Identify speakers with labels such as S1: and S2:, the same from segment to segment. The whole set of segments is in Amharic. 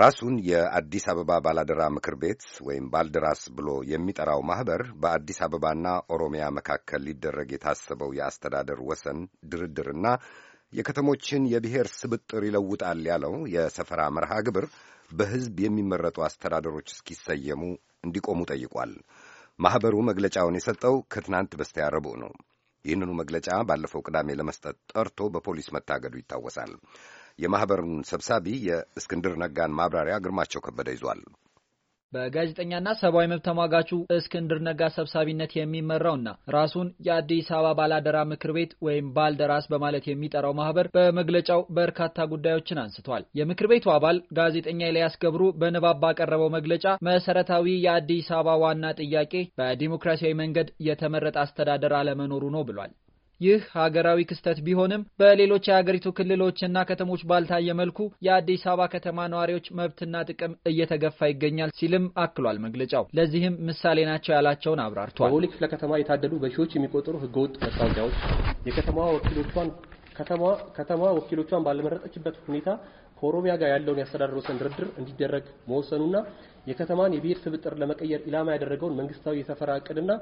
S1: ራሱን የአዲስ አበባ ባላደራ ምክር ቤት ወይም ባልደራስ ብሎ የሚጠራው ማኅበር በአዲስ አበባና ኦሮሚያ መካከል ሊደረግ የታሰበው የአስተዳደር ወሰን ድርድርና የከተሞችን የብሔር ስብጥር ይለውጣል ያለው የሰፈራ መርሃ ግብር በሕዝብ የሚመረጡ አስተዳደሮች እስኪሰየሙ እንዲቆሙ ጠይቋል። ማኅበሩ መግለጫውን የሰጠው ከትናንት በስቲያ ረቡዕ ነው። ይህንኑ መግለጫ ባለፈው ቅዳሜ ለመስጠት ጠርቶ በፖሊስ መታገዱ ይታወሳል። የማኅበሩን ሰብሳቢ የእስክንድር ነጋን ማብራሪያ ግርማቸው ከበደ ይዟል።
S2: በጋዜጠኛና ሰብአዊ መብት ተሟጋቹ እስክንድር ነጋ ሰብሳቢነት የሚመራውና ራሱን የአዲስ አበባ ባላደራ ምክር ቤት ወይም ባልደራስ በማለት የሚጠራው ማህበር በመግለጫው በርካታ ጉዳዮችን አንስቷል። የምክር ቤቱ አባል ጋዜጠኛ ኤልያስ ገብሩ በንባብ ባቀረበው መግለጫ መሰረታዊ የአዲስ አበባ ዋና ጥያቄ በዲሞክራሲያዊ መንገድ የተመረጠ አስተዳደር አለመኖሩ ነው ብሏል። ይህ ሀገራዊ ክስተት ቢሆንም በሌሎች የሀገሪቱ ክልሎችና ከተሞች ባልታየ መልኩ የአዲስ አበባ ከተማ ነዋሪዎች መብትና ጥቅም እየተገፋ ይገኛል ሲልም አክሏል መግለጫው። ለዚህም ምሳሌ ናቸው ያላቸውን አብራርቷል። በቦሌ ክፍለ ከተማ የታደሉ በሺዎች የሚቆጠሩ ህገወጥ መታወቂያዎች የከተማዋ ወኪሎቿን
S3: ከተማ ከተማ ወኪሎቿን ባለመረጠችበት ሁኔታ ከኦሮሚያ ጋር ያለውን የአስተዳደር ወሰን ድርድር እንዲደረግ መወሰኑና የከተማን የብሔር ስብጥር ለመቀየር ኢላማ ያደረገውን መንግስታዊ የሰፈራ
S2: እቅድና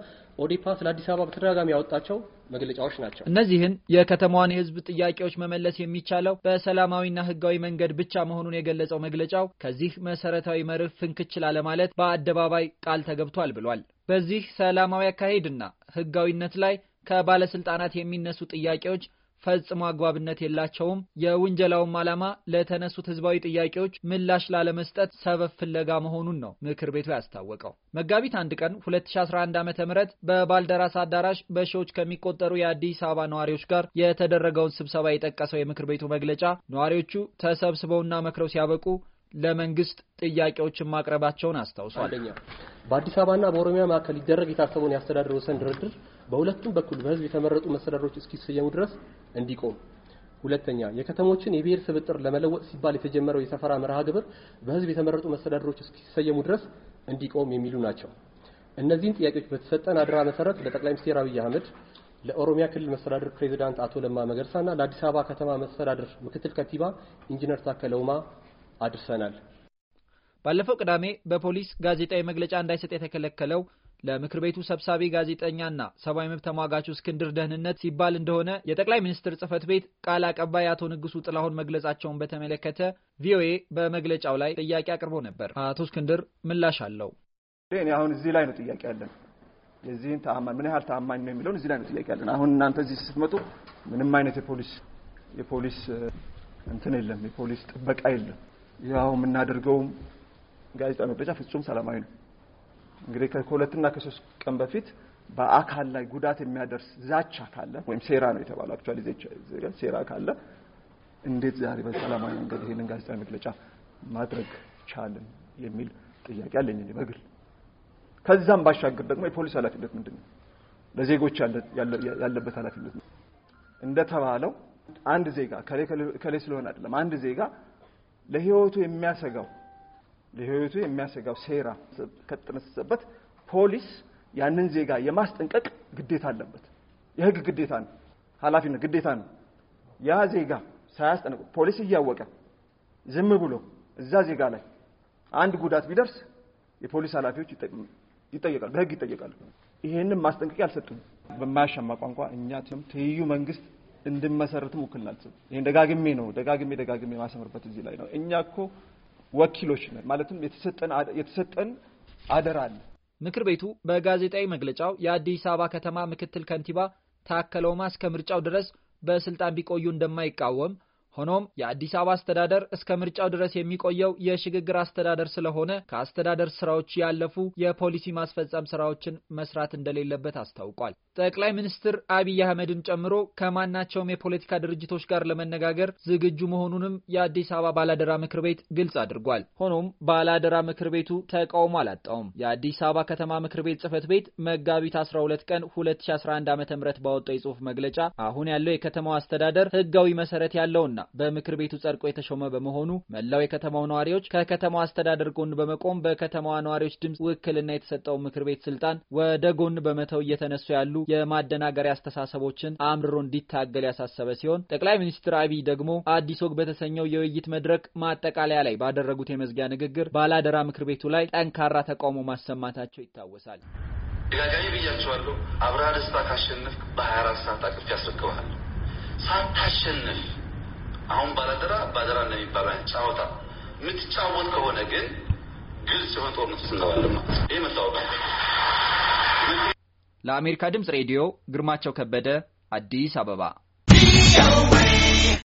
S2: ኦዴፓ ስለ አዲስ አበባ በተደጋጋሚ ያወጣቸው መግለጫዎች ናቸው። እነዚህን የከተማዋን የህዝብ ጥያቄዎች መመለስ የሚቻለው በሰላማዊና ህጋዊ መንገድ ብቻ መሆኑን የገለጸው መግለጫው ከዚህ መሰረታዊ መርህ ፍንክች ላለማለት በአደባባይ ቃል ተገብቷል ብሏል። በዚህ ሰላማዊ አካሄድና ህጋዊነት ላይ ከባለስልጣናት የሚነሱ ጥያቄዎች ፈጽሞ አግባብነት የላቸውም። የውንጀላውም ዓላማ ለተነሱት ህዝባዊ ጥያቄዎች ምላሽ ላለመስጠት ሰበብ ፍለጋ መሆኑን ነው ምክር ቤቱ ያስታወቀው። መጋቢት አንድ ቀን 2011 ዓ ም በባልደራስ አዳራሽ በሺዎች ከሚቆጠሩ የአዲስ አበባ ነዋሪዎች ጋር የተደረገውን ስብሰባ የጠቀሰው የምክር ቤቱ መግለጫ ነዋሪዎቹ ተሰብስበውና መክረው ሲያበቁ ለመንግስት ጥያቄዎችን ማቅረባቸውን አስታውሷል። አንደኛ በአዲስ አበባና በኦሮሚያ
S3: መካከል ሊደረግ የታሰበውን የአስተዳደር ወሰን ድርድር በሁለቱም በኩል በህዝብ የተመረጡ መስተዳድሮች እስኪሰየሙ ድረስ እንዲቆም ሁለተኛ የከተሞችን የብሔር ስብጥር ለመለወጥ ሲባል የተጀመረው የሰፈራ መርሃ ግብር በህዝብ የተመረጡ መስተዳድሮች እስኪሰየሙ ድረስ እንዲቆም የሚሉ ናቸው። እነዚህን ጥያቄዎች በተሰጠን አድራ መሰረት ለጠቅላይ ሚኒስትር አብይ አህመድ፣ ለኦሮሚያ ክልል መስተዳድር ፕሬዚዳንት አቶ ለማ መገርሳ ና ለአዲስ አበባ ከተማ መስተዳድር ምክትል ከቲባ ኢንጂነር ታከለ ኡማ አድርሰናል።
S2: ባለፈው ቅዳሜ በፖሊስ ጋዜጣዊ መግለጫ እንዳይሰጥ የተከለከለው ለምክር ቤቱ ሰብሳቢ ጋዜጠኛና ሰብአዊ መብት ተሟጋቹ እስክንድር ደህንነት ሲባል እንደሆነ የጠቅላይ ሚኒስትር ጽህፈት ቤት ቃል አቀባይ አቶ ንጉሱ ጥላሁን መግለጻቸውን በተመለከተ ቪኦኤ በመግለጫው ላይ ጥያቄ አቅርቦ ነበር። አቶ እስክንድር ምላሽ አለው።
S4: እኔ አሁን እዚህ ላይ ነው ጥያቄ ያለን፣ የዚህን ተአማኝ ምን ያህል ተአማኝ ነው የሚለውን እዚህ ላይ ነው ጥያቄ ያለን። አሁን እናንተ እዚህ ስትመጡ ምንም አይነት የፖሊስ የፖሊስ እንትን የለም፣ የፖሊስ ጥበቃ የለም። ያው የምናደርገውም ጋዜጣ መግለጫ ፍጹም ሰላማዊ ነው። እንግዲህ ከሁለትና ከሶስት ቀን በፊት በአካል ላይ ጉዳት የሚያደርስ ዛቻ ካለ ወይም ሴራ ነው የተባለው አክቹዋሊ ሴራ ካለ እንዴት ዛሬ በሰላማዊ መንገድ ይህንን ጋዜጣዊ መግለጫ ማድረግ ቻልን የሚል ጥያቄ አለኝ እኔ በግል። ከዛም ባሻገር ደግሞ የፖሊስ ኃላፊነት ምንድን ነው? ለዜጎች ያለበት ኃላፊነት ነው። እንደተባለው አንድ ዜጋ ከሌ ስለሆነ አይደለም አንድ ዜጋ ለህይወቱ የሚያሰጋው ለህይወቱ የሚያሰጋው ሴራ ከተነሰሰበት ፖሊስ ያንን ዜጋ የማስጠንቀቅ ግዴታ አለበት። የህግ ግዴታ ነው፣ ኃላፊነት ግዴታ ነው። ያ ዜጋ ሳያስጠነቅ ፖሊስ እያወቀ ዝም ብሎ እዛ ዜጋ ላይ አንድ ጉዳት ቢደርስ የፖሊስ ኃላፊዎች ይጠየቃሉ፣ በህግ ይጠየቃሉ። ይሄንን ማስጠንቀቂያ አልሰጡም። በማያሻማ ቋንቋ እኛ ትይዩ መንግስት እንድመሰርትም ውክልና አልሰጡም። ይሄን ደጋግሜ ነው ደጋግሜ ደጋግሜ ማሰምርበት እዚህ ላይ ነው። እኛ እኮ
S2: ወኪሎች ነን። ማለትም የተሰጠን አደራ አለ። ምክር ቤቱ በጋዜጣዊ መግለጫው የአዲስ አበባ ከተማ ምክትል ከንቲባ ታከለ ኡማ እስከ ምርጫው ድረስ በስልጣን ቢቆዩ እንደማይቃወም ሆኖም የአዲስ አበባ አስተዳደር እስከ ምርጫው ድረስ የሚቆየው የሽግግር አስተዳደር ስለሆነ ከአስተዳደር ስራዎች ያለፉ የፖሊሲ ማስፈጸም ስራዎችን መስራት እንደሌለበት አስታውቋል። ጠቅላይ ሚኒስትር አብይ አህመድን ጨምሮ ከማናቸውም የፖለቲካ ድርጅቶች ጋር ለመነጋገር ዝግጁ መሆኑንም የአዲስ አበባ ባላደራ ምክር ቤት ግልጽ አድርጓል። ሆኖም ባላደራ ምክር ቤቱ ተቃውሞ አላጣውም። የአዲስ አበባ ከተማ ምክር ቤት ጽህፈት ቤት መጋቢት 12 ቀን 2011 ዓ ም ባወጣው የጽሁፍ መግለጫ አሁን ያለው የከተማው አስተዳደር ህጋዊ መሰረት ያለውን ነውና በምክር ቤቱ ጸድቆ የተሾመ በመሆኑ መላው የከተማው ነዋሪዎች ከከተማው አስተዳደር ጎን በመቆም በከተማዋ ነዋሪዎች ድምፅ ውክልና የተሰጠው ምክር ቤት ስልጣን ወደ ጎን በመተው እየተነሱ ያሉ የማደናገሪያ አስተሳሰቦችን አምርሮ እንዲታገል ያሳሰበ ሲሆን ጠቅላይ ሚኒስትር አብይ ደግሞ አዲስ ወግ በተሰኘው የውይይት መድረክ ማጠቃለያ ላይ ባደረጉት የመዝጊያ ንግግር ባላደራ ምክር ቤቱ ላይ ጠንካራ ተቃውሞ ማሰማታቸው ይታወሳል።
S3: ደጋጋሚ
S4: ብያቸዋለሁ። አብርሃ ደስታ ካሸነፍክ በ24 ሰዓት አቅፍ ያስረክብሃል። ሳታሸንፍ አሁን ባላደራ ባደራ እንደሚባል አይነት ጫወታ የምትጫወት ከሆነ ግን ግልጽ የሆነ ጦርነት ውስጥ እንገባለን ማለት ይህ መታወቅ
S2: ለአሜሪካ ድምፅ ሬዲዮ ግርማቸው ከበደ አዲስ አበባ